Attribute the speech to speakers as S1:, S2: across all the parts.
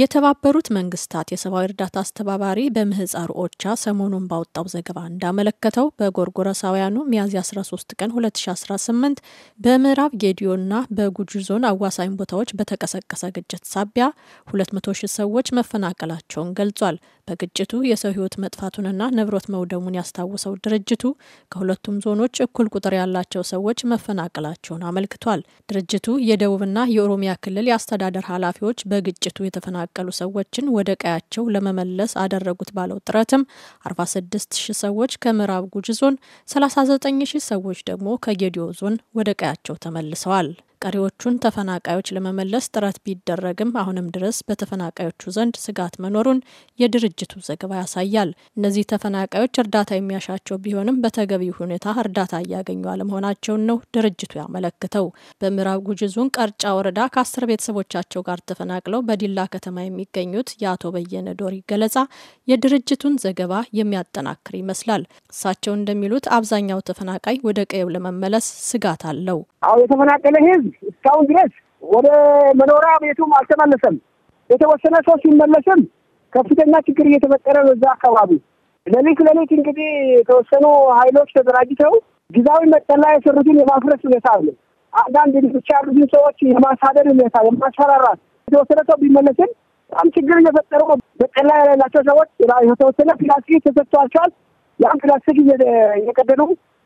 S1: የተባበሩት መንግስታት የሰብአዊ እርዳታ አስተባባሪ በምህፃሩ ኦቻ ሰሞኑን ባወጣው ዘገባ እንዳመለከተው በጎርጎረሳውያኑ ሚያዝያ 13 ቀን 2018 በምዕራብ ጌዲዮና በጉጂ ዞን አዋሳኝ ቦታዎች በተቀሰቀሰ ግጭት ሳቢያ 200 ሰዎች መፈናቀላቸውን ገልጿል። በግጭቱ የሰው ህይወት መጥፋቱንና ንብረት መውደሙን ያስታወሰው ድርጅቱ ከሁለቱም ዞኖች እኩል ቁጥር ያላቸው ሰዎች መፈናቀላቸውን አመልክቷል። ድርጅቱ የደቡብና የኦሮሚያ ክልል የአስተዳደር ኃላፊዎች በግጭቱ የተፈና የተፈናቀሉ ሰዎችን ወደ ቀያቸው ለመመለስ አደረጉት ባለው ጥረትም 46 ሺህ ሰዎች ከምዕራብ ጉጅ ዞን፣ 39 ሺህ ሰዎች ደግሞ ከጌዲዮ ዞን ወደ ቀያቸው ተመልሰዋል። ቀሪዎቹን ተፈናቃዮች ለመመለስ ጥረት ቢደረግም አሁንም ድረስ በተፈናቃዮቹ ዘንድ ስጋት መኖሩን የድርጅቱ ዘገባ ያሳያል። እነዚህ ተፈናቃዮች እርዳታ የሚያሻቸው ቢሆንም በተገቢው ሁኔታ እርዳታ እያገኙ አለመሆናቸውን ነው ድርጅቱ ያመለክተው። በምዕራብ ጉጂ ዞን ቀርጫ ወረዳ ከአስር ቤተሰቦቻቸው ጋር ተፈናቅለው በዲላ ከተማ የሚገኙት የአቶ በየነ ዶሪ ገለጻ የድርጅቱን ዘገባ የሚያጠናክር ይመስላል። እሳቸው እንደሚሉት አብዛኛው ተፈናቃይ ወደ ቀየው ለመመለስ ስጋት አለው።
S2: አዎ የተፈናቀለ ህዝብ እስካሁን ድረስ ወደ መኖሪያ ቤቱም አልተመለሰም። የተወሰነ ሰው ሲመለስም ከፍተኛ ችግር እየተፈጠረ በዛ አካባቢ ሌሊት ሌሊት እንግዲህ የተወሰኑ ኃይሎች ተደራጅተው ጊዜያዊ መጠለያ የሰሩትን የማፍረስ ሁኔታ አለ። አንዳንድ ብቻ ያሉትን ሰዎች የማሳደር ሁኔታ፣ የማስፈራራት የተወሰነ ሰው ቢመለስም በጣም ችግር እየፈጠሩ መጠለያ የሌላቸው ሰዎች የተወሰነ ፕላስቲክ ተሰጥቷቸዋል። ያን ፕላስቲክ እየቀደዱ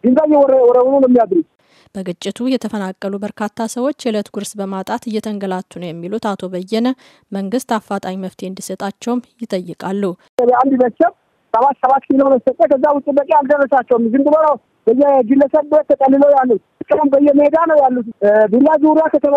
S2: ድንጋይ እየወረውኑ ነው የሚያድሩት።
S1: በግጭቱ የተፈናቀሉ በርካታ ሰዎች የዕለት ጉርስ በማጣት እየተንገላቱ ነው የሚሉት አቶ በየነ መንግስት
S2: አፋጣኝ መፍትሄ እንዲሰጣቸውም ይጠይቃሉ። አንድ ቤተሰብ ሰባት ሰባት ኪሎ መሰጠ ከዛ ውጭ በቂ አልደረሳቸውም። ዝም ብሎ ነው በየግለሰብ ቤት ተጠልለው ያሉት። ቀም በየሜዳ ነው ያሉት። ዱላ ዙሪያ ከተማ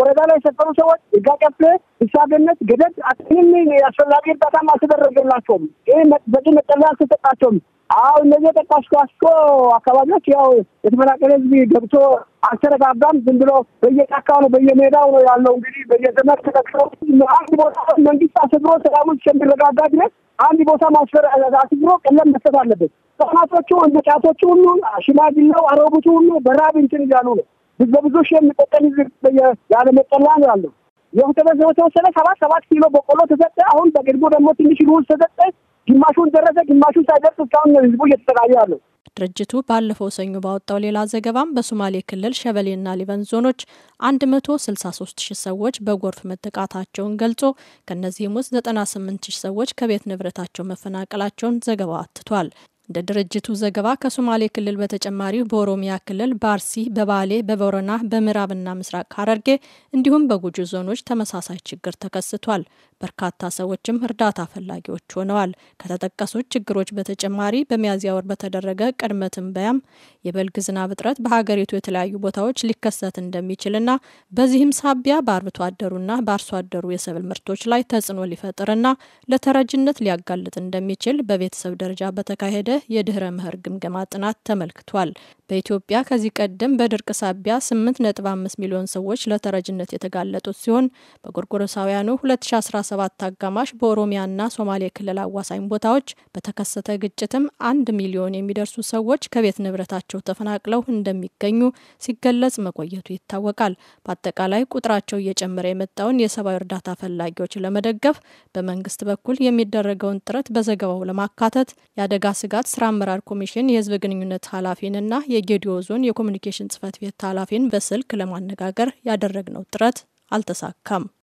S2: ወረዳ ላይ የሰፈሩ ሰዎች እጋ እጋቀፍ፣ እሳገነት፣ ገደድ ምንም አስፈላጊ እርዳታም አልተደረገላቸውም። ይህ በቂ መጠለያ አልተሰጣቸውም። አሁ እነዚህ የጠቀስኳቸው አካባቢዎች ያው የተፈናቀለ ህዝብ ገብቶ አልተረጋጋም። ዝም ብሎ በየጫካው ነው በየሜዳው ነው ያለው። እንግዲህ በየዘመድ ተጠቅሰው አንድ ቦታ መንግስት አስፍሮ ሰላሙ እስከሚረጋጋ ድረስ አንድ ቦታ ማስፈር አስፍሮ ቀለም መስጠት አለበት። ህጻናቶቹ እንጫቶቹ ሁሉ ሽማግሌው፣ አሮቡቱ ሁሉ በራብ እንትን እያሉ ነው። በብዙ ሺህ የሚቆጠር ህዝብ ያለመጠለያ ነው ያለው። የተወሰነ ሰባት ሰባት ኪሎ በቆሎ ተሰጠ። አሁን በቅድሞ ደግሞ ትንሽ ሩዝ ተሰጠ። ግማሹን ደረሰ፣ ግማሹን ሳይደርስ እስካሁን ህዝቡ እየተሰቃየ ያለው።
S1: ድርጅቱ ባለፈው ሰኞ ባወጣው ሌላ ዘገባም በሶማሌ ክልል ሸበሌና ሊበን ዞኖች 163 ሺህ ሰዎች በጎርፍ መጠቃታቸውን ገልጾ ከእነዚህም ውስጥ 98 ሺህ ሰዎች ከቤት ንብረታቸው መፈናቀላቸውን ዘገባው አትቷል። እንደ ድርጅቱ ዘገባ ከሶማሌ ክልል በተጨማሪ በኦሮሚያ ክልል በአርሲ፣ በባሌ፣ በቦረና፣ በምዕራብና ምስራቅ ሐረርጌ እንዲሁም በጉጂ ዞኖች ተመሳሳይ ችግር ተከስቷል። በርካታ ሰዎችም እርዳታ ፈላጊዎች ሆነዋል። ከተጠቀሱት ችግሮች በተጨማሪ በሚያዝያ ወር በተደረገ ቅድመ ትንበያም የበልግ ዝናብ እጥረት በሀገሪቱ የተለያዩ ቦታዎች ሊከሰት እንደሚችልና በዚህም ሳቢያ በአርብቶ አደሩና በአርሶ አደሩ የሰብል ምርቶች ላይ ተጽዕኖ ሊፈጥርና ለተረጅነት ሊያጋልጥ እንደሚችል በቤተሰብ ደረጃ በተካሄደ የድህረ መኸር ግምገማ ጥናት ተመልክቷል። በኢትዮጵያ ከዚህ ቀደም በድርቅ ሳቢያ 8.5 ሚሊዮን ሰዎች ለተረጅነት የተጋለጡት ሲሆን በጎርጎረሳውያኑ 2017 አጋማሽ በኦሮሚያና ሶማሌ ክልል አዋሳኝ ቦታዎች በተከሰተ ግጭትም አንድ ሚሊዮን የሚደርሱ ሰዎች ከቤት ንብረታቸው ተፈናቅለው እንደሚገኙ ሲገለጽ መቆየቱ ይታወቃል። በአጠቃላይ ቁጥራቸው እየጨመረ የመጣውን የሰብአዊ እርዳታ ፈላጊዎች ለመደገፍ በመንግስት በኩል የሚደረገውን ጥረት በዘገባው ለማካተት የአደጋ ስጋት ስራ አመራር ኮሚሽን የህዝብ ግንኙነት ኃላፊንና የጌዲዮ ዞን የኮሚኒኬሽን ጽህፈት ቤት ኃላፊን በስልክ ለማነጋገር ያደረግነው ጥረት አልተሳካም።